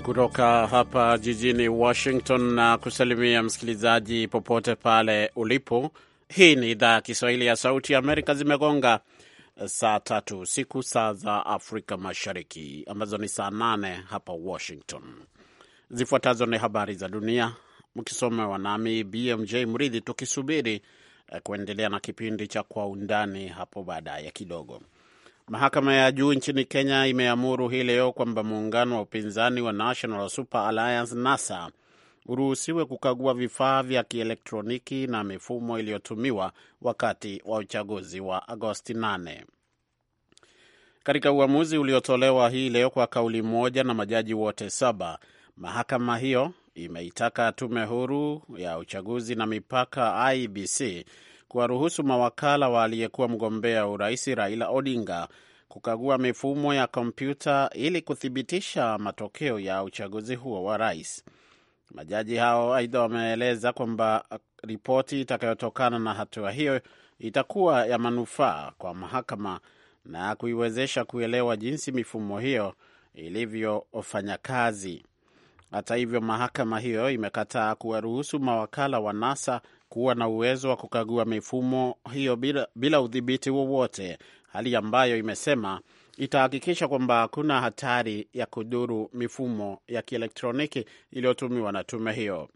kutoka hapa jijini Washington na kusalimia msikilizaji popote pale ulipo. Hii ni idhaa ya Kiswahili ya Sauti ya Amerika. Zimegonga saa tatu usiku saa za Afrika Mashariki, ambazo ni saa nane hapa Washington. Zifuatazo ni habari za dunia, mkisomewa nami BMJ Mridhi, tukisubiri kuendelea na kipindi cha Kwa Undani hapo baadaye kidogo. Mahakama ya juu nchini Kenya imeamuru hii leo kwamba muungano wa upinzani wa National Super Alliance NASA uruhusiwe kukagua vifaa vya kielektroniki na mifumo iliyotumiwa wakati wa uchaguzi wa Agosti 8. Katika uamuzi uliotolewa hii leo kwa kauli moja na majaji wote saba, mahakama hiyo imeitaka tume huru ya uchaguzi na mipaka IBC kuwaruhusu mawakala wa aliyekuwa mgombea urais Raila Odinga kukagua mifumo ya kompyuta ili kuthibitisha matokeo ya uchaguzi huo wa rais. Majaji hao aidha wameeleza kwamba ripoti itakayotokana na hatua hiyo itakuwa ya manufaa kwa mahakama na kuiwezesha kuelewa jinsi mifumo hiyo ilivyofanya kazi. Hata hivyo, mahakama hiyo imekataa kuwaruhusu mawakala wa NASA kuwa na uwezo wa kukagua mifumo hiyo bila, bila udhibiti wowote, hali ambayo imesema itahakikisha kwamba hakuna hatari ya kudhuru mifumo ya kielektroniki iliyotumiwa na tume hiyo.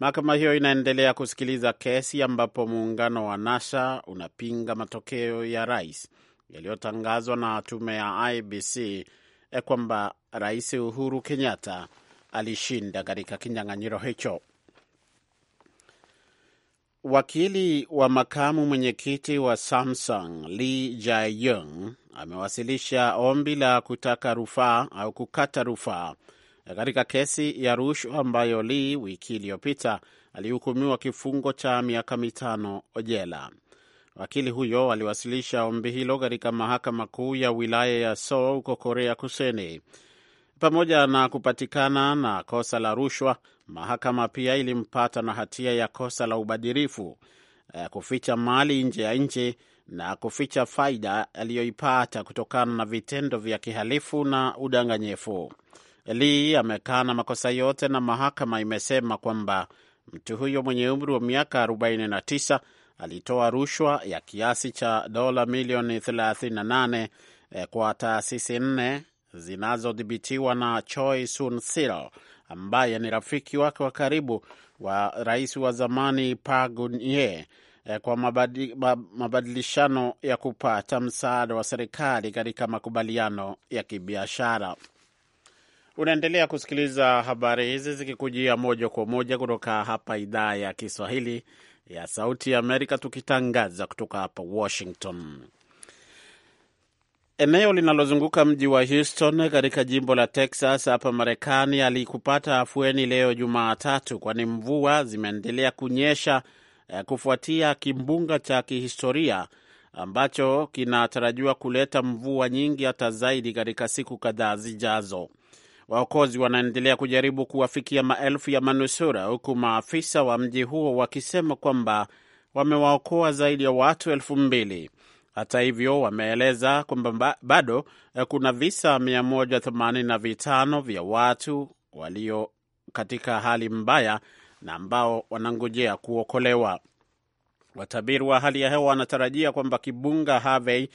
Mahakama hiyo inaendelea kusikiliza kesi ambapo muungano wa NASA unapinga matokeo ya rais yaliyotangazwa na tume ya IBC eh, kwamba Rais Uhuru Kenyatta alishinda katika kinyang'anyiro hicho. Wakili wa makamu mwenyekiti wa Samsung Lee Jae-yong amewasilisha ombi la kutaka rufaa au kukata rufaa katika kesi ya rushwa ambayo Lee wiki iliyopita alihukumiwa kifungo cha miaka mitano jela. Wakili huyo aliwasilisha ombi hilo katika mahakama kuu ya wilaya ya Seoul huko Korea Kusini. Pamoja na kupatikana na kosa la rushwa, mahakama pia ilimpata na hatia ya kosa la ubadhirifu, eh, kuficha mali nje ya nchi na kuficha faida aliyoipata kutokana na vitendo vya kihalifu na udanganyifu. li amekaa na makosa yote na mahakama imesema kwamba mtu huyo mwenye umri wa miaka 49 alitoa rushwa ya kiasi cha dola milioni 38 eh, kwa taasisi nne zinazodhibitiwa na Choi Soon-sil ambaye ni rafiki wake wa karibu wa rais wa zamani Park Geun-hye eh, kwa mabadilishano ya kupata msaada wa serikali katika makubaliano ya kibiashara. Unaendelea kusikiliza habari hizi zikikujia moja kwa moja kutoka hapa idhaa ya Kiswahili ya Sauti ya Amerika, tukitangaza kutoka hapa Washington. Eneo linalozunguka mji wa Houston katika jimbo la Texas hapa Marekani alikupata afueni leo Jumatatu, kwani mvua zimeendelea kunyesha eh, kufuatia kimbunga cha kihistoria ambacho kinatarajiwa kuleta mvua nyingi hata zaidi katika siku kadhaa zijazo. Waokozi wanaendelea kujaribu kuwafikia maelfu ya manusura, huku maafisa wa mji huo wakisema kwamba wamewaokoa zaidi ya watu elfu mbili. Hata hivyo, wameeleza kwamba bado eh, kuna visa 185 vya watu walio katika hali mbaya na ambao wanangojea kuokolewa. Watabiri wa hali ya hewa wanatarajia kwamba kibunga Harvey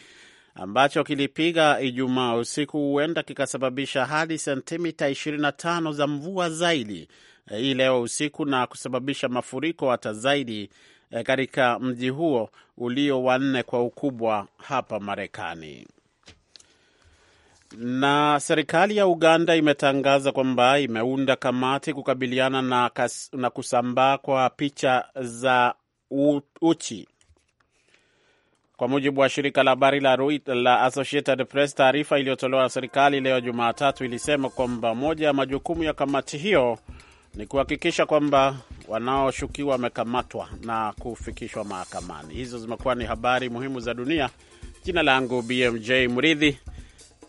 ambacho kilipiga Ijumaa usiku huenda kikasababisha hadi sentimita 25 za mvua zaidi eh, hii leo usiku na kusababisha mafuriko hata zaidi e, katika mji huo ulio wanne kwa ukubwa hapa Marekani. Na serikali ya Uganda imetangaza kwamba imeunda kamati kukabiliana na, kas, na kusambaa kwa picha za u, uchi kwa mujibu wa shirika la habari la la Associated Press, taarifa iliyotolewa na serikali leo Jumatatu ilisema kwamba moja ya majukumu ya kamati hiyo ni kuhakikisha kwamba wanaoshukiwa wamekamatwa na kufikishwa mahakamani. Hizo zimekuwa ni habari muhimu za dunia. Jina langu BMJ Mridhi,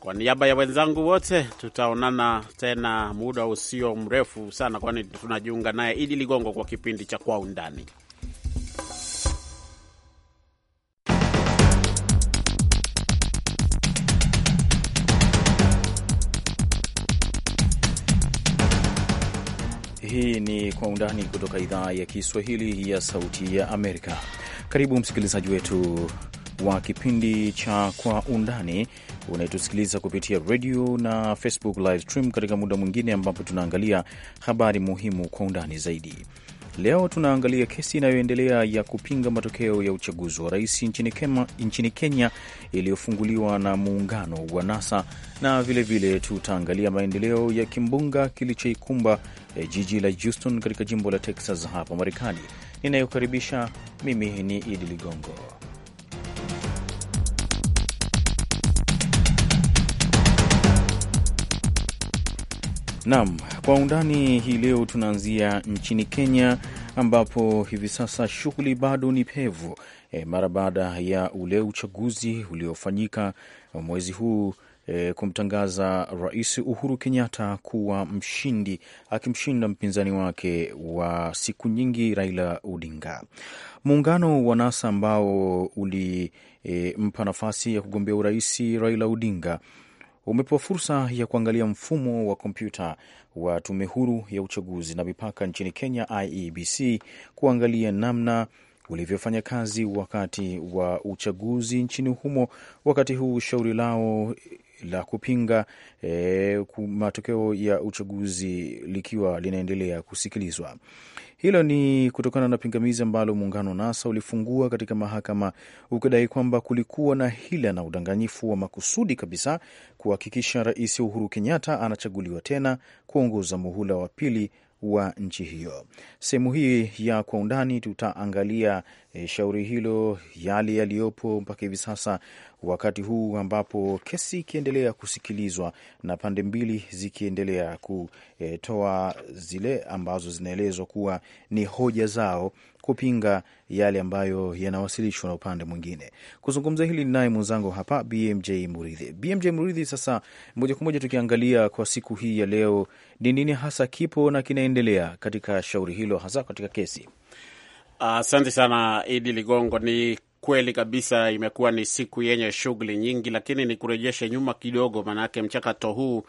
kwa niaba ya wenzangu wote, tutaonana tena muda usio mrefu sana, kwani tunajiunga naye Idi Ligongo kwa kipindi cha Kwa Undani. Kwa Undani kutoka idhaa ya Kiswahili ya Sauti ya Amerika. Karibu msikilizaji wetu wa kipindi cha Kwa Undani unayetusikiliza kupitia radio na Facebook live stream katika muda mwingine ambapo tunaangalia habari muhimu kwa undani zaidi. Leo tunaangalia kesi inayoendelea ya kupinga matokeo ya uchaguzi wa rais nchini Kenya iliyofunguliwa na muungano wa NASA, na vilevile tutaangalia maendeleo ya kimbunga kilichoikumba eh, jiji la Houston katika jimbo la Texas hapa Marekani. Ninayokaribisha mimi ni Idi Ligongo. Naam, kwa undani hii leo tunaanzia nchini Kenya ambapo hivi sasa shughuli bado ni pevu e, mara baada ya ule uchaguzi uliofanyika mwezi huu e, kumtangaza Rais Uhuru Kenyatta kuwa mshindi akimshinda mpinzani wake wa siku nyingi Raila Odinga. Muungano wa NASA ambao ulimpa e, nafasi ya kugombea urais Raila Odinga umepewa fursa ya kuangalia mfumo wa kompyuta wa tume huru ya uchaguzi na mipaka nchini Kenya, IEBC, kuangalia namna ulivyofanya kazi wakati wa uchaguzi nchini humo, wakati huu shauri lao la kupinga e, matokeo ya uchaguzi likiwa linaendelea kusikilizwa. Hilo ni kutokana na pingamizi ambalo muungano wa NASA ulifungua katika mahakama ukidai kwamba kulikuwa na hila na udanganyifu wa makusudi kabisa kuhakikisha Rais Uhuru Kenyatta anachaguliwa tena kuongoza muhula wa pili wa nchi hiyo. Sehemu hii ya kwa undani tutaangalia e, shauri hilo, yale yaliyopo mpaka hivi sasa, wakati huu ambapo kesi ikiendelea kusikilizwa na pande mbili zikiendelea kutoa e, zile ambazo zinaelezwa kuwa ni hoja zao kupinga yale ambayo yanawasilishwa na upande mwingine. Kuzungumza hili ninaye mwenzangu hapa BMJ Muridhi. BMJ Muridhi, sasa moja kwa moja tukiangalia kwa siku hii ya leo, ni nini hasa kipo na kinaendelea katika shauri hilo, hasa katika kesi? Asante uh, sana Idi Ligongo. Ni kweli kabisa, imekuwa ni siku yenye shughuli nyingi, lakini nikurejeshe nyuma kidogo, maanake mchakato huu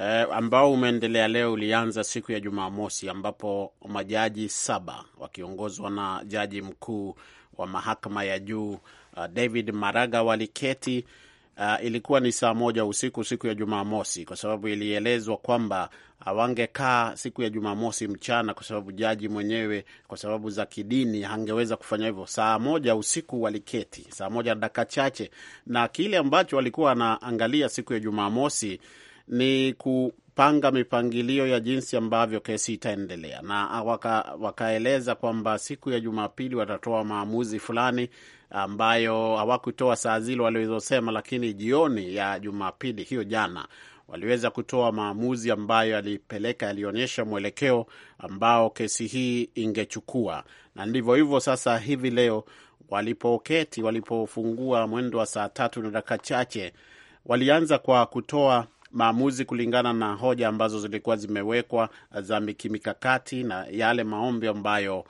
eh, ambao umeendelea leo ulianza siku ya Jumamosi ambapo majaji saba wakiongozwa na jaji mkuu wa mahakama ya juu uh, David Maraga waliketi Uh, ilikuwa ni saa moja usiku siku ya Jumamosi kwa sababu ilielezwa kwamba hawangekaa siku ya Jumamosi mchana kwa sababu jaji mwenyewe kwa sababu za kidini hangeweza kufanya hivyo. Saa moja usiku waliketi, saa moja na dakika chache, na kile ambacho walikuwa wanaangalia siku ya Jumamosi ni kupanga mipangilio ya jinsi ambavyo kesi itaendelea, na ah, waka, wakaeleza kwamba siku ya Jumapili watatoa maamuzi fulani ambayo hawakutoa saa zile walizosema, lakini jioni ya Jumapili hiyo jana waliweza kutoa maamuzi ambayo yalipeleka yalionyesha mwelekeo ambao kesi hii ingechukua, na ndivyo hivyo sasa hivi leo walipoketi, walipofungua mwendo wa saa tatu na dakika chache, walianza kwa kutoa maamuzi kulingana na hoja ambazo zilikuwa zimewekwa eh, za kimikakati na yale maombi ambayo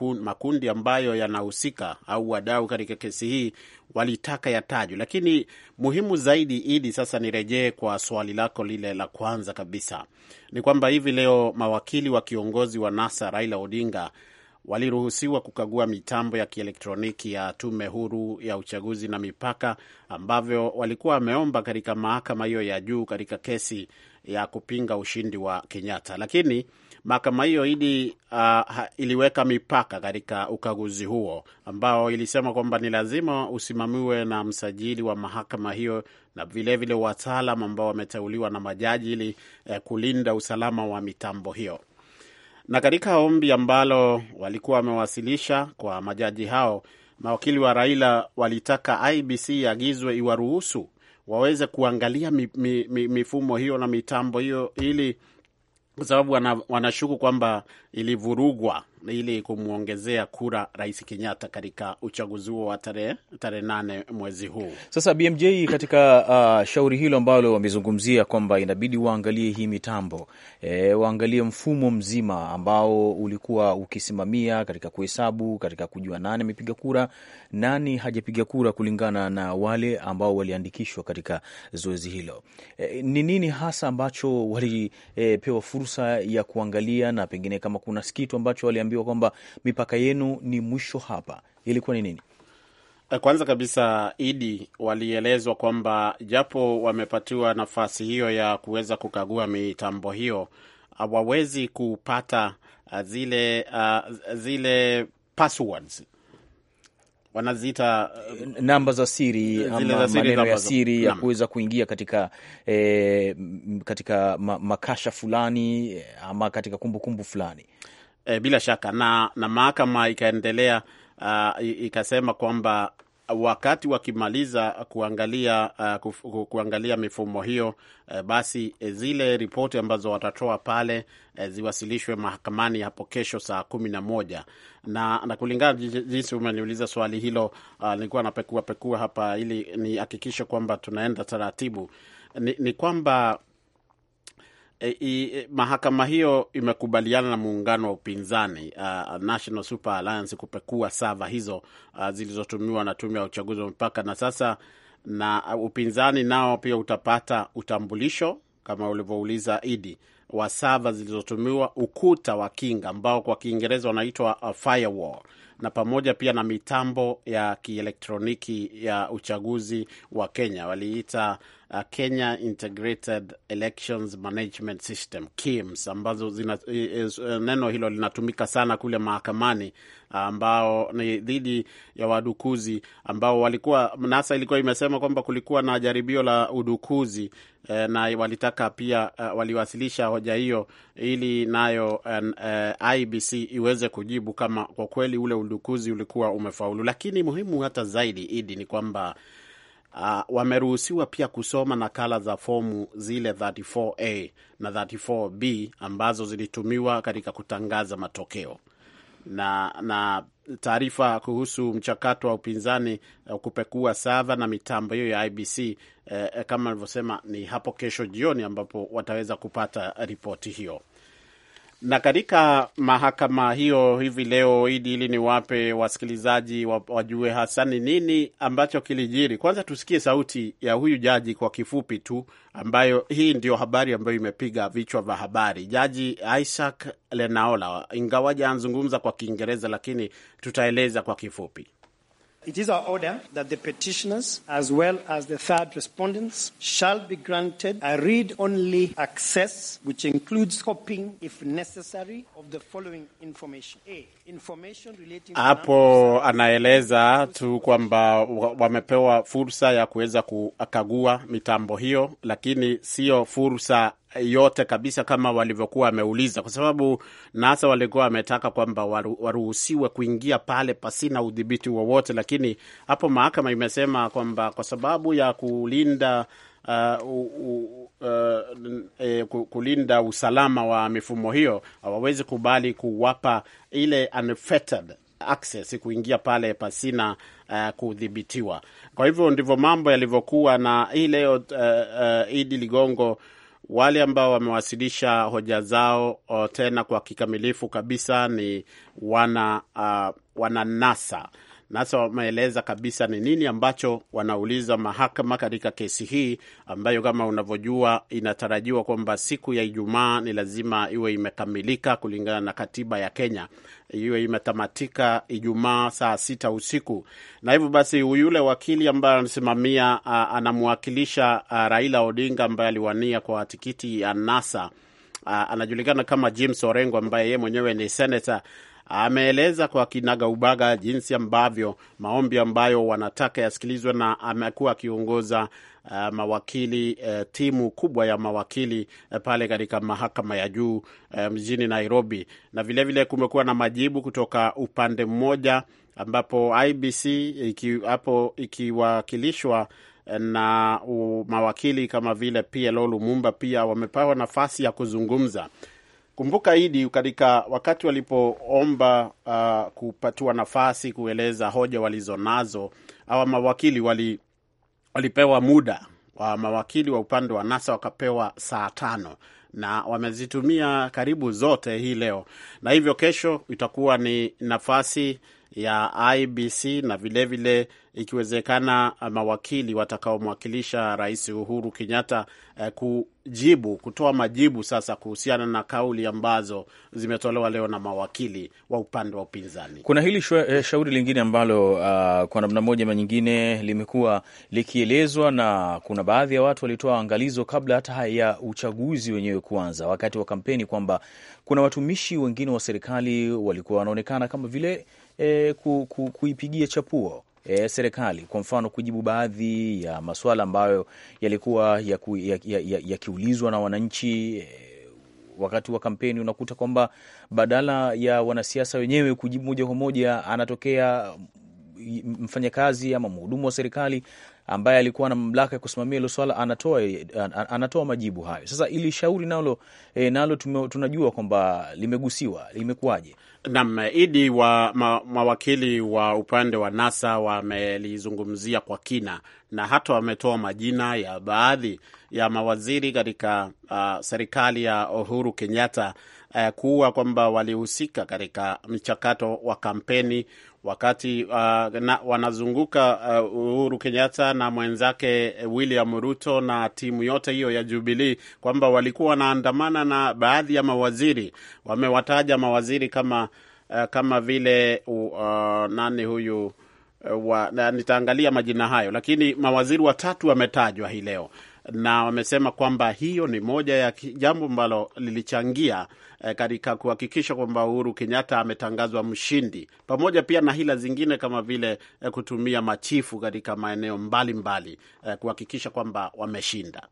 uh, makundi ambayo yanahusika au wadau katika kesi hii walitaka yatajwe. Lakini muhimu zaidi, Idi, sasa nirejee kwa swali lako lile la kwanza kabisa, ni kwamba hivi leo mawakili wa kiongozi wa NASA Raila Odinga waliruhusiwa kukagua mitambo ya kielektroniki ya Tume Huru ya Uchaguzi na Mipaka ambavyo walikuwa wameomba katika mahakama hiyo ya juu katika kesi ya kupinga ushindi wa Kenyatta, lakini mahakama hiyo ili, uh, iliweka mipaka katika ukaguzi huo ambao ilisema kwamba ni lazima usimamiwe na msajili wa mahakama hiyo na vilevile wataalam ambao wameteuliwa na majaji ili eh, kulinda usalama wa mitambo hiyo. Na katika ombi ambalo walikuwa wamewasilisha kwa majaji hao, mawakili wa Raila walitaka IBC iagizwe iwaruhusu waweze kuangalia mi, mi, mi, mifumo hiyo na mitambo hiyo ili kwa sababu wanashuku kwamba ilivurugwa ili kumwongezea kura Rais Kenyatta katika uchaguzi huo wa tarehe nane mwezi huu. Sasa BMJ katika uh, shauri hilo ambalo wamezungumzia kwamba inabidi waangalie hii mitambo e, waangalie mfumo mzima ambao ulikuwa ukisimamia katika kuhesabu, katika kujua nani amepiga kura, nani hajapiga kura, kulingana na wale ambao waliandikishwa katika zoezi hilo. E, ni e, nini hasa ambacho walipewa e, fursa ya kuangalia na pengine kama kwamba kuna kitu ambacho waliambiwa kwamba mipaka yenu ni mwisho hapa, ilikuwa ni nini? Eh, kwanza kabisa Idi, walielezwa kwamba japo wamepatiwa nafasi hiyo ya kuweza kukagua mitambo hiyo, hawawezi kupata eh, zile, uh, zile passwords wanaziita uh, namba za siri ama maneno ya siri ya kuweza kuingia katika eh, katika makasha fulani eh, ama katika kumbukumbu kumbu fulani eh, bila shaka na, na mahakama ikaendelea uh, ikasema kwamba wakati wakimaliza kuangalia uh, kuangalia mifumo hiyo uh, basi eh, zile ripoti ambazo watatoa pale uh, ziwasilishwe mahakamani hapo kesho saa kumi na moja na, na kulingana jinsi umeniuliza swali hilo uh, nilikuwa napekua pekua hapa ili nihakikishe kwamba tunaenda taratibu ni, ni kwamba e, e, mahakama hiyo imekubaliana na muungano wa upinzani uh, National Super Alliance kupekua sava hizo uh, zilizotumiwa na tume ya uchaguzi wa mipaka, na sasa na uh, upinzani nao pia utapata utambulisho kama ulivyouliza Idi wa sava zilizotumiwa, ukuta wa kinga ambao kwa Kiingereza wanaitwa uh, firewall, na pamoja pia na mitambo ya kielektroniki ya uchaguzi wa Kenya waliita uh, Kenya Integrated Elections Management System KIMS, ambazo zina, is, uh, neno hilo linatumika sana kule mahakamani uh, ambao ni dhidi ya wadukuzi ambao walikuwa NASA ilikuwa imesema kwamba kulikuwa na jaribio la udukuzi eh, na walitaka pia eh, waliwasilisha hoja hiyo ili nayo eh, IBC iweze kujibu kama kwa kweli ule udukuzi ulikuwa umefaulu. Lakini muhimu hata zaidi idi ni kwamba uh, wameruhusiwa pia kusoma nakala za fomu zile 34A na 34B ambazo zilitumiwa katika kutangaza matokeo na na taarifa kuhusu mchakato wa upinzani uh, kupekua sava na mitambo hiyo ya IBC eh, eh, kama alivyosema ni hapo kesho jioni ambapo wataweza kupata ripoti hiyo. Na katika mahakama hiyo hivi leo, Idi, ili niwape wasikilizaji wajue hasa ni nini ambacho kilijiri, kwanza tusikie sauti ya huyu jaji kwa kifupi tu, ambayo hii ndio habari ambayo imepiga vichwa vya habari. Jaji Isaac Lenaola, ingawaja anzungumza kwa Kiingereza, lakini tutaeleza kwa kifupi. It is our order that the petitioners as well as the third respondents shall be granted a read only access which includes copying if necessary of the following information. A, information relating to hapo anaeleza tu kwamba wamepewa fursa ya kuweza kukagua mitambo hiyo, lakini sio fursa yote kabisa kama walivyokuwa wameuliza, kwa sababu NASA walikuwa wametaka kwamba waruhusiwe kuingia pale pasina udhibiti wowote, lakini hapo mahakama imesema kwamba kwa sababu ya kulinda Uh, uh, uh, eh, kulinda usalama wa mifumo hiyo hawawezi kubali kuwapa ile unfettered access kuingia pale pasina uh, kudhibitiwa. Kwa hivyo ndivyo mambo yalivyokuwa, na hii leo uh, uh, Idi Ligongo wale ambao wamewasilisha hoja zao tena kwa kikamilifu kabisa ni wana, uh, wana NASA NASA wameeleza kabisa ni nini ambacho wanauliza mahakama katika kesi hii ambayo kama unavyojua inatarajiwa kwamba siku ya Ijumaa ni lazima iwe imekamilika kulingana na katiba ya Kenya, iwe imetamatika Ijumaa saa sita usiku. Na hivyo basi yule wakili ambaye anasimamia anamwakilisha Raila Odinga ambaye aliwania kwa tikiti ya NASA a, anajulikana kama James Orengo ambaye yeye mwenyewe ni senata ameeleza kwa kinaga ubaga jinsi ambavyo maombi ambayo wanataka yasikilizwe, na amekuwa akiongoza Uh, mawakili uh, timu kubwa ya mawakili uh, pale katika mahakama ya juu uh, mjini Nairobi, na vilevile vile kumekuwa na majibu kutoka upande mmoja, ambapo IBC iki, hapo ikiwakilishwa uh, na mawakili kama vile PLO Lumumba pia wamepewa nafasi ya kuzungumza Kumbuka Idi, katika wakati walipoomba uh, kupatiwa nafasi kueleza hoja walizonazo, awa mawakili wali, walipewa muda wa mawakili wa upande wa NASA wakapewa saa tano na wamezitumia karibu zote hii leo, na hivyo kesho itakuwa ni nafasi ya IBC na vilevile vile ikiwezekana uh, mawakili watakaomwakilisha Rais Uhuru Kenyatta eh, kujibu kutoa majibu sasa kuhusiana na kauli ambazo zimetolewa leo na mawakili wa upande wa upinzani. Kuna hili shwe, eh, shauri lingine ambalo uh, kwa namna moja ama nyingine limekuwa likielezwa na kuna baadhi ya watu walitoa angalizo kabla hata ya uchaguzi wenyewe kuanza, wakati wa kampeni kwamba kuna watumishi wengine wa serikali walikuwa wanaonekana kama vile e, ku, ku, kuipigia chapuo e, serikali kwa mfano kujibu baadhi ya masuala ambayo yalikuwa yakiulizwa ya, ya, ya na wananchi e, wakati wa kampeni unakuta kwamba badala ya wanasiasa wenyewe kujibu moja kwa moja, anatokea mfanyakazi ama mhudumu wa serikali ambaye alikuwa na mamlaka ya kusimamia hilo swala anatoa, anatoa majibu hayo. Sasa ili shauri nalo, e, nalo tunajua kwamba limegusiwa, limekuwaje? nam Idi, wa ma, mawakili wa upande wa NASA wamelizungumzia kwa kina na hata wametoa majina ya baadhi ya mawaziri katika uh, serikali ya Uhuru Kenyatta uh, kuwa kwamba walihusika katika mchakato wa kampeni wakati uh, na, wanazunguka uh, Uhuru Kenyatta na mwenzake uh, William Ruto na timu yote hiyo ya jubilii kwamba walikuwa wanaandamana na baadhi ya mawaziri. Wamewataja mawaziri kama uh, kama vile uh, nani huyu uh, wa, na, nitaangalia majina hayo, lakini mawaziri watatu wametajwa hii leo na wamesema kwamba hiyo ni moja ya jambo ambalo lilichangia eh, katika kuhakikisha kwamba Uhuru Kenyatta ametangazwa mshindi, pamoja pia na hila zingine kama vile eh, kutumia machifu katika maeneo mbalimbali eh, kuhakikisha kwamba wameshinda.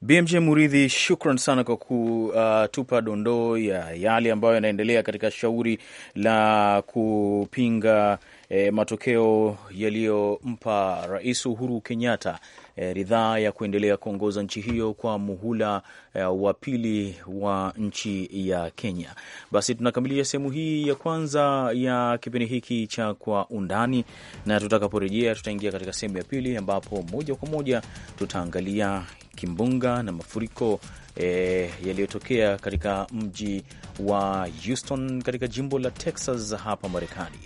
BMJ Muridhi, shukran sana kwa kutupa uh, dondoo ya yale ambayo yanaendelea katika shauri la kupinga eh, matokeo yaliyompa Rais Uhuru Kenyatta E, ridhaa ya kuendelea kuongoza nchi hiyo kwa muhula e, wa pili wa nchi ya Kenya. Basi tunakamilisha sehemu hii ya kwanza ya kipindi hiki cha Kwa Undani, na tutakaporejea tutaingia katika sehemu ya pili ambapo moja kwa moja tutaangalia kimbunga na mafuriko E, yaliyotokea katika mji wa Houston katika jimbo la Texas hapa Marekani.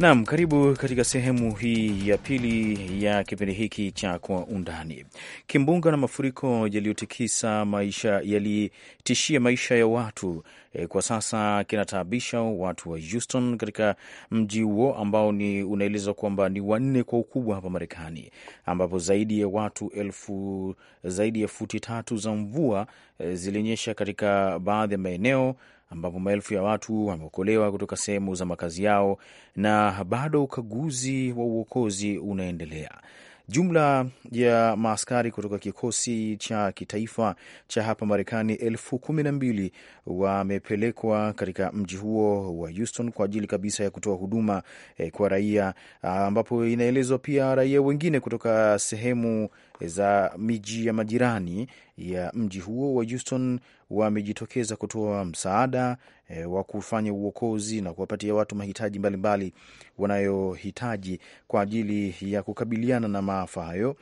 Naam, karibu katika sehemu hii ya pili ya kipindi hiki cha Kwa Undani. Kimbunga na mafuriko yaliyotikisa maisha yalitishia maisha ya watu e, kwa sasa kinataabisha watu wa Houston katika mji huo ambao ni unaelezwa kwamba ni wanne kwa ukubwa hapa Marekani, ambapo zaidi ya watu elfu zaidi ya futi tatu za mvua e, zilionyesha katika baadhi ya maeneo ambapo maelfu ya watu wameokolewa kutoka sehemu za makazi yao na bado ukaguzi wa uokozi unaendelea. Jumla ya maaskari kutoka kikosi cha kitaifa cha hapa Marekani elfu kumi na mbili wamepelekwa katika mji huo wa Houston kwa ajili kabisa ya kutoa huduma eh, kwa raia, ah, ambapo inaelezwa pia raia wengine kutoka sehemu za miji ya majirani ya mji huo wa Houston wamejitokeza kutoa msaada e, wa kufanya uokozi na kuwapatia watu mahitaji mbalimbali wanayohitaji kwa ajili ya kukabiliana na maafa hayo,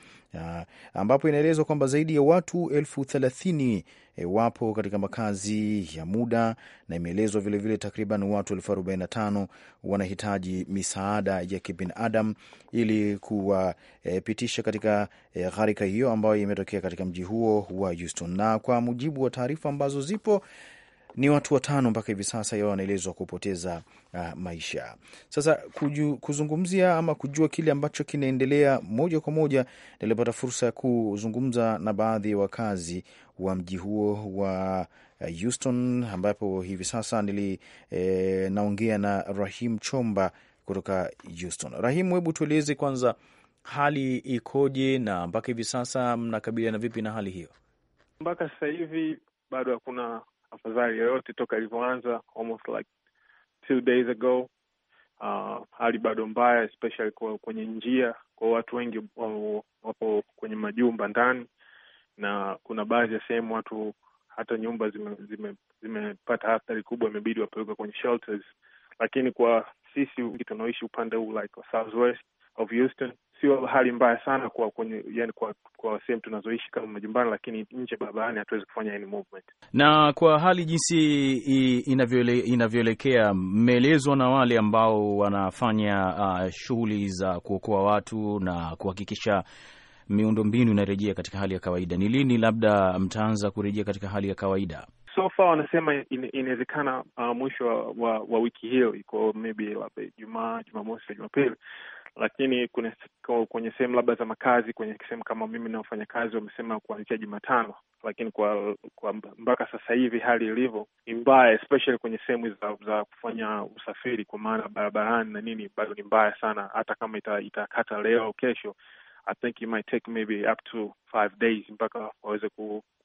ambapo inaelezwa kwamba zaidi ya watu elfu thelathini e, wapo katika makazi ya muda na imeelezwa vilevile takriban watu elfu arobaini na tano wanahitaji misaada ya kibinadamu ili kuwapitisha e, katika e, gharika hiyo ambayo imetokea katika mji huo wa Houston. Na kwa mujibu wa taarifa ambazo zipo ni watu watano mpaka hivi sasa yao wanaelezwa kupoteza uh, maisha. Sasa kuju, kuzungumzia ama kujua kile ambacho kinaendelea moja kwa moja, nilipata fursa ya kuzungumza na baadhi ya wakazi wa mji huo wa eh, Houston, ambapo hivi sasa nili e, naongea na Rahim Chomba kutoka Houston. Rahim, hebu tueleze kwanza hali ikoje na mpaka hivi sasa mnakabiliana vipi na hali hiyo? Mpaka sasa hivi bado hakuna afadhali yoyote toka ilivyoanza almost like two days ago. Uh, hali bado mbaya especially kwa kwenye njia, kwa watu wengi wapo kwenye majumba ndani, na kuna baadhi ya sehemu watu hata nyumba zimepata zime, zime athari kubwa, imebidi wapelekwe kwenye shelters. Lakini kwa sisi tunaoishi upande huu like southwest of Houston sio hali mbaya sana kwa kwenye, yani kwa kwa sehemu tunazoishi kama majumbani, lakini nje barabarani hatuwezi kufanya any movement. Na kwa hali jinsi inavyoelekea, mmeelezwa na wale ambao wanafanya uh, shughuli za kuokoa watu na kuhakikisha miundombinu inarejea katika hali ya kawaida, ni lini labda mtaanza kurejea katika hali ya kawaida? So far wanasema inawezekana uh, mwisho wa, wa, wa wiki hiyo iko maybe Ijumaa, Jumamosi, Jumapili lakini kwenye sehemu labda za makazi, kwenye sehemu kama mimi na wafanyakazi wamesema kuanzia Jumatano, lakini kwa, kwa mpaka sasa hivi hali ilivyo ni mbaya, especially kwenye sehemu za, za kufanya usafiri, kwa maana barabarani na nini bado ni mbaya sana. Hata kama itakata ita leo au kesho, I think it might take maybe up to five days mpaka waweze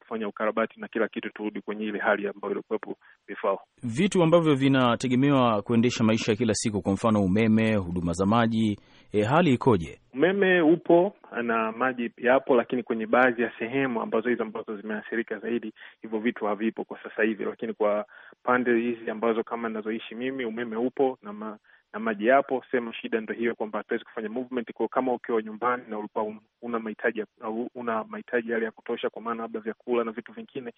kufanya ukarabati na kila kitu, turudi kwenye ile hali ambayo ilikuwepo before. Vitu ambavyo vinategemewa kuendesha maisha ya kila siku, kwa mfano umeme, huduma za maji, e, hali ikoje? Umeme upo na maji yapo lakini kwenye baadhi ya sehemu ambazo hizo ambazo zimeathirika zaidi, hivyo vitu havipo kwa sasa hivi, lakini kwa pande hizi ambazo kama inazoishi mimi, umeme upo na ma na maji yapo sema, shida ndo hiyo kwamba hatuwezi kufanya movement. Kwa kama ukiwa nyumbani na ulikuwa una mahitaji una mahitaji yale ya kutosha, kwa maana labda vyakula na vitu vingine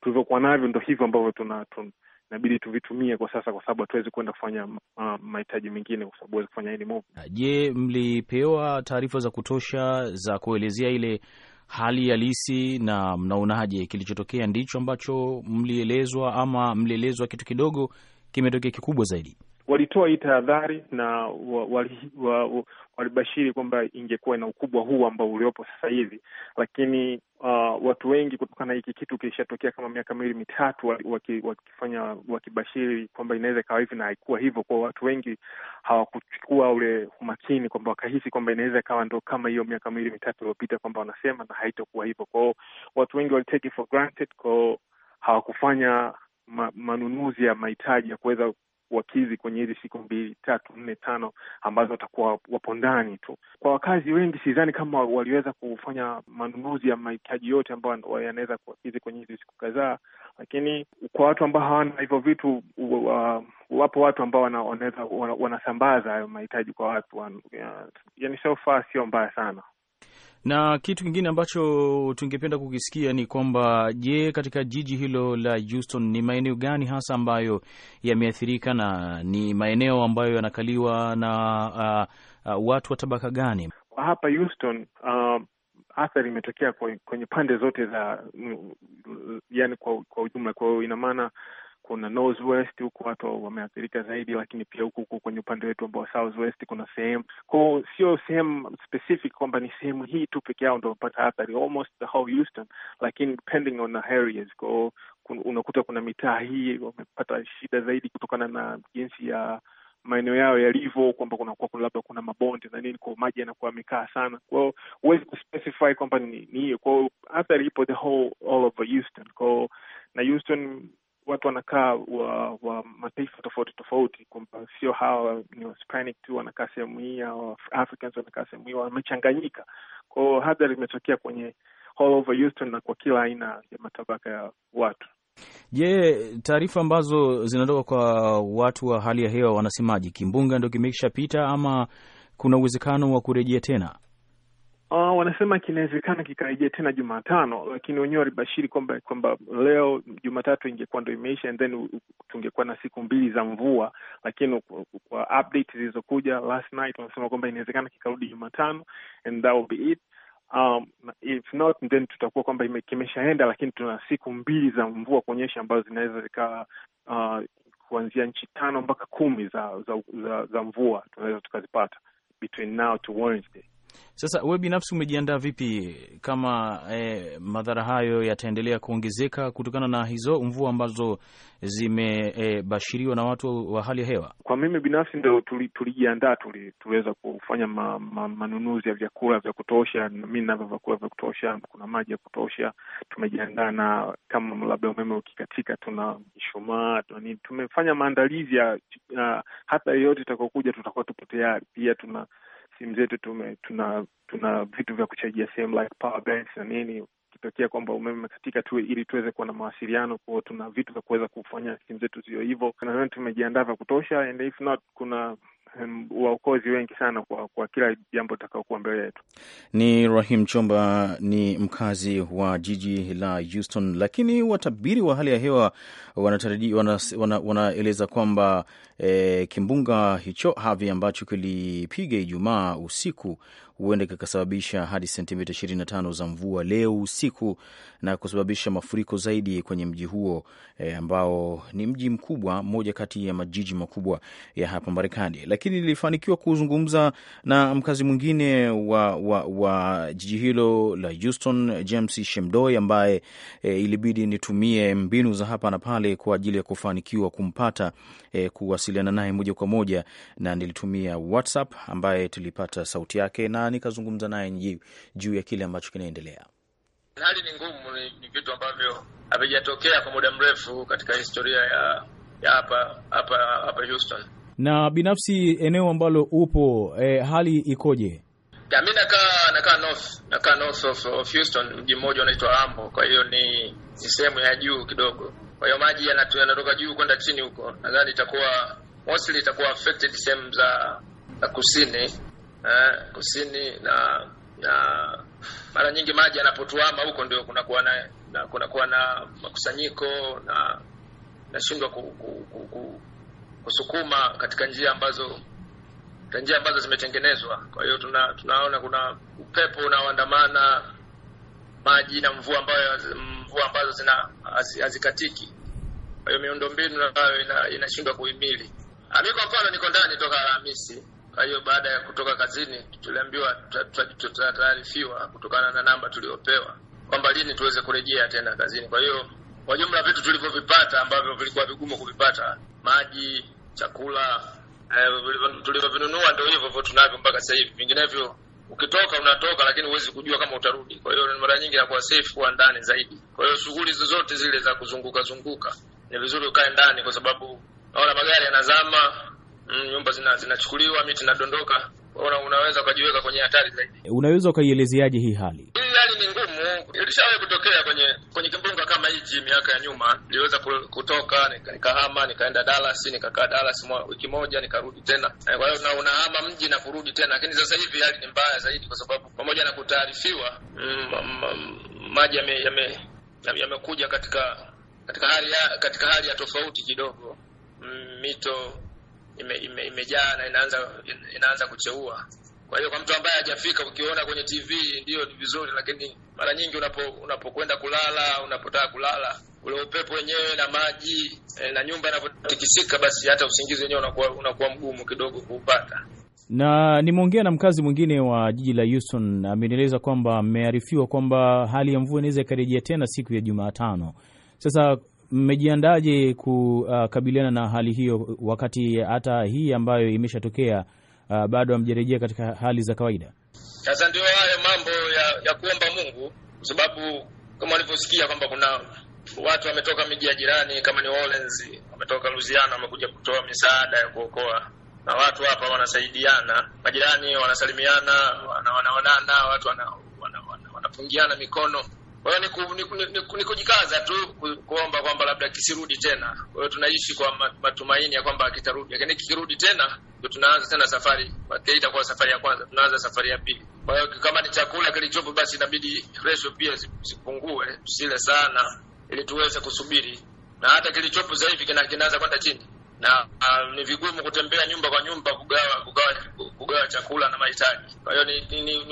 tulivyokuwa navyo, ndo hivyo ambavyo tuna inabidi tuvitumie kwa sasa, kwa sababu hatuwezi kwenda kufanya uh, mahitaji mengine, kwa sababu huwezi kufanya hili movement. Je, mlipewa taarifa za kutosha za kuelezea ile hali halisi na mnaonaje kilichotokea ndicho ambacho mlielezwa, ama mlielezwa kitu kidogo kimetokea kikubwa zaidi? walitoa hii tahadhari na walibashiri kwamba ingekuwa na ukubwa huu ambao uliopo sasa hivi, lakini uh, watu wengi kutokana na hiki kitu kilishatokea kama miaka miwili mitatu, wakifanya waki wakibashiri kwamba inaweza ikawa hivi na haikuwa hivyo, kwa watu wengi hawakuchukua ule umakini kwamba wakahisi kwamba inaweza ikawa ndo kama hiyo miaka miwili mitatu iliyopita kwamba wanasema na haitokuwa hivyo. Kwao watu wengi walitake for granted, kwao hawakufanya ma, manunuzi ya mahitaji ya kuweza wakizi kwenye hizi siku mbili tatu nne tano ambazo watakuwa wapo ndani tu. Kwa wakazi wengi, sidhani kama waliweza kufanya manunuzi ya mahitaji yote ambayo yanaweza kuwakizi kwenye hizi siku kadhaa, lakini kwa watu ambao hawana hivyo vitu wapo watu ambao wanaweza wanasambaza hayo mahitaji kwa watu, yaani so far sio mbaya sana. Na kitu kingine ambacho tungependa kukisikia ni kwamba, je, katika jiji hilo la Houston ni maeneo gani hasa ambayo yameathirika na ni maeneo ambayo yanakaliwa na uh, uh, watu wa tabaka gani hapa Houston? Uh, athari imetokea kwenye pande zote za, yani kwa, kwa ujumla. Kwa hiyo ina maana kuna northwest huku watu wameathirika zaidi, lakini pia huku huko kwenye upande wetu ambao southwest kuna sehemu kwao, sio sehemu specific kwamba ni sehemu hii tu peke yao ndo wamepata athari, almost the whole Houston, lakini depending on the areas kwao, unakuta kuna mitaa hii wamepata shida zaidi kutokana na jinsi ya maeneo yao yalivyo, kwamba kunakuwa kuna labda kuna mabonde na nini, kwa maji yanakuwa yamekaa sana. Kwa hiyo huwezi kuspecify kwamba ni hiyo. Kwa hiyo athari ipo the whole all over Houston. Kwa hiyo na Houston watu wanakaa wa, wa mataifa tofauti tofauti, kwamba sio hawa ni Hispanic tu wanakaa sehemu hii, au Africans wanakaa sehemu hii, wamechanganyika. Kwao hadhari imetokea kwenye all over Houston na kwa kila aina ya matabaka ya watu. Je, taarifa ambazo zinatoka kwa watu wa hali ya hewa wanasemaje? Kimbunga ndo kimeshapita ama kuna uwezekano wa kurejea tena? Uh, wanasema kinawezekana kikarejea tena Jumatano, lakini wenyewe walibashiri kwamba kwamba leo Jumatatu ingekuwa ndo imeisha and then tungekuwa na siku mbili za mvua, lakini kwa update zilizokuja last night wanasema kwamba inawezekana kikarudi Jumatano and that will be it. Um, if not then tutakuwa kwamba kimeshaenda, lakini tuna siku mbili za mvua kuonyesha ambazo zinaweza zikawa uh, kuanzia nchi tano mpaka kumi za za, za, za mvua tunaweza tukazipata between now to Wednesday. Sasa we binafsi umejiandaa vipi kama eh, madhara hayo yataendelea kuongezeka kutokana na hizo mvua ambazo zimebashiriwa eh, na watu wa hali ya hewa? Kwa mimi binafsi ndo tulijiandaa, tuli tuliweza kufanya ma, ma, manunuzi ya vyakula vya kutosha. Mi navyo vyakula vya kutosha, kuna maji ya kutosha. Tumejiandaa na kama labda umeme ukikatika, tuna mishumaa, tumefanya maandalizi ya uh, hata yeyote itakaokuja tutakuwa tupo tayari. Pia tuna simu zetu tume, tuna tuna vitu vya kuchajia sehemu like power banks na nini, ukitokea kwamba umeme umekatika tu, ili tuweze kuwa na mawasiliano kwao, tuna vitu vya kuweza kufanya simu zetu zio hivyo, na tumejiandaa vya kutosha, and if not kuna waokozi wengi sana kwa, kwa kila jambo litakaokuwa mbele yetu. Ni Rahim Chomba, ni mkazi wa jiji la Houston, lakini watabiri wa hali ya hewa wanaeleza wana, wana, wana kwamba eh, kimbunga hicho Harvey ambacho kilipiga Ijumaa usiku huenda kikasababisha hadi sentimita 25 za mvua leo usiku na kusababisha mafuriko zaidi kwenye mji huo eh, ambao ni mji mkubwa, moja kati ya majiji makubwa ya hapa Marekani lakini nilifanikiwa kuzungumza na mkazi mwingine wa, wa, wa jiji hilo la Houston, James Shemdoy ambaye e, ilibidi nitumie mbinu za hapa na pale kwa ajili ya kufanikiwa kumpata, e, kuwasiliana naye moja kwa moja, na nilitumia WhatsApp ambaye tulipata sauti yake na nikazungumza naye juu ya kile ambacho kinaendelea. Hali ni ngumu, ni vitu ambavyo havijatokea kwa muda mrefu katika historia ya hapa hapa hapa Houston. Na binafsi eneo ambalo upo e, hali ikoje? Mi nakaa nakaa north nakaa north of, of Houston, mji mmoja unaitwa Ambo. Kwa hiyo ni, ni sehemu ya juu kidogo, kwa hiyo maji yanatoka juu kwenda chini huko. Nadhani itakuwa mostly itakuwa affected sehemu za, za kusini eh, kusini na na mara nyingi maji yanapotuama huko ndio kunakuwa na, na kunakuwa na makusanyiko na nashindwa ku, ku, ku, ku kusukuma katika njia ambazo njia ambazo zimetengenezwa. Kwa hiyo tuna, tunaona kuna upepo unaoandamana maji na mvua ambayo mvua ambazo zina hazikatiki. Kwa hiyo miundombinu ambayo inashindwa kuhimili. Mimi ah, kwa mfano niko ndani toka Alhamisi. Kwa hiyo baada ya kutoka kazini tuliambiwa tutataarifiwa kutokana na namba tuliopewa kwamba lini tuweze kurejea tena kazini. Kwa hiyo kwa jumla vitu tulivyovipata ambavyo vilikuwa vigumu kuvipata, maji, chakula eh, tulivyovinunua ndio hivyo hivyo tunavyo mpaka sasa hivi. Vinginevyo ukitoka unatoka, lakini huwezi kujua kama utarudi. Kwa hiyo mara nyingi inakuwa safe kuwa ndani zaidi. Kwa hiyo shughuli zozote zile za kuzunguka zunguka ni vizuri ukae ndani, kwa sababu naona magari yanazama, mm, nyumba zina, zinachukuliwa, miti inadondoka, una, unaweza ukajiweka kwenye hatari zaidi. Unaweza ukaielezeaje hii hali? Hii hali ni ngumu, ilishawahi kutokea kwenye kwenye Miji miaka ya nyuma niliweza kutoka nikahama, nikaenda Dallas, nikakaa Dallas wiki moja, nikarudi tena. Eh, kwa hiyo na unahama mji na kurudi tena, lakini sasa hivi hali ni mbaya zaidi, kwa sababu pamoja na kutaarifiwa mm, maji yamekuja katika katika hali ya, katika hali ya tofauti kidogo, mm, mito imejaa ime, ime na inaanza inaanza kucheua. Kwa hiyo kwa mtu ambaye hajafika, ukiona kwenye TV ndiyo ni vizuri, lakini mara nyingi unapo unapokwenda kulala, unapotaka kulala, ule upepo wenyewe na maji e, na nyumba inavyotikisika, basi hata usingizi wenyewe unakuwa, unakuwa mgumu kidogo kuupata na nimeongea na mkazi mwingine wa jiji la Houston, amenieleza kwamba mmearifiwa kwamba hali ya mvua inaweza ikarejea tena siku ya Jumatano. Sasa mmejiandaje kukabiliana na hali hiyo, wakati hata hii ambayo imeshatokea uh, bado hamjarejea katika hali za kawaida? Sasa ndio haya mambo ya, ya kuomba Mungu kwa sababu kama walivyosikia kwamba kuna watu wametoka miji ya jirani kama ni Orleans, wametoka Louisiana, wamekuja kutoa misaada ya kuokoa, na watu hapa wanasaidiana, majirani wanasalimiana, wanaonana, watu wanapungiana wana, wana, wana mikono kwa hiyo ni kujikaza tu kuomba kwamba labda kisirudi tena. Kwa hiyo tunaishi kwa matumaini ya kwamba kitarudi, lakini kikirudi tena ndio tunaanza tena safari. Itakuwa safari ya kwanza, tunaanza safari ya pili. Kwa hiyo kama ni chakula kilichopo, basi inabidi ratio pia zipungue, tusile sana, ili tuweze kusubiri, na hata kilichopo sasa hivi kinaanza kwenda chini na uh, ni vigumu kutembea nyumba kwa nyumba kugawa kugawa, kugawa chakula na mahitaji. Kwa hiyo ni, ni, ni,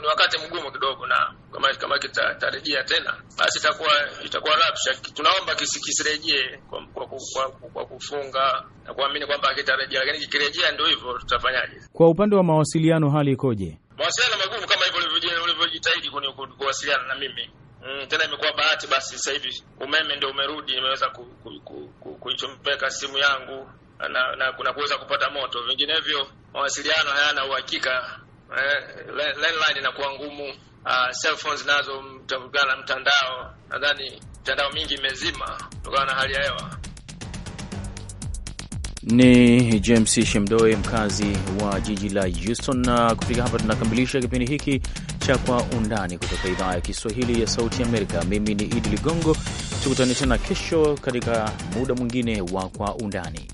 ni wakati mgumu kidogo, na kama kama kitarejea tena basi itakuwa itakuwa rapsha. Tunaomba kisirejee kwa, kwa, kwa, kwa kufunga na kuamini kwamba kitarejea, lakini kikirejea ndio hivyo, tutafanyaje? Kwa upande wa mawasiliano, hali ikoje? Mawasiliano magumu kama hivyo ulivyojitahidi kuwasiliana na mimi Mm, tena imekuwa bahati basi, sasa hivi umeme ndio umerudi, nimeweza kuichomeka ku, ku, ku, simu yangu na, na, kuna kuweza kupata moto. Vinginevyo mawasiliano hayana uhakika eh, landline inakuwa ngumu. Uh, cell phones nazo mtavugana na mtandao, nadhani mtandao mingi imezima kutokana na hali ya hewa. Ni James Shemdoe, mkazi wa jiji la Houston, na kufika hapa tunakamilisha kipindi hiki cha Kwa Undani kutoka idhaa ya Kiswahili ya Sauti Amerika. Mimi ni Idi Ligongo, tukutane tena kesho katika muda mwingine wa Kwa Undani.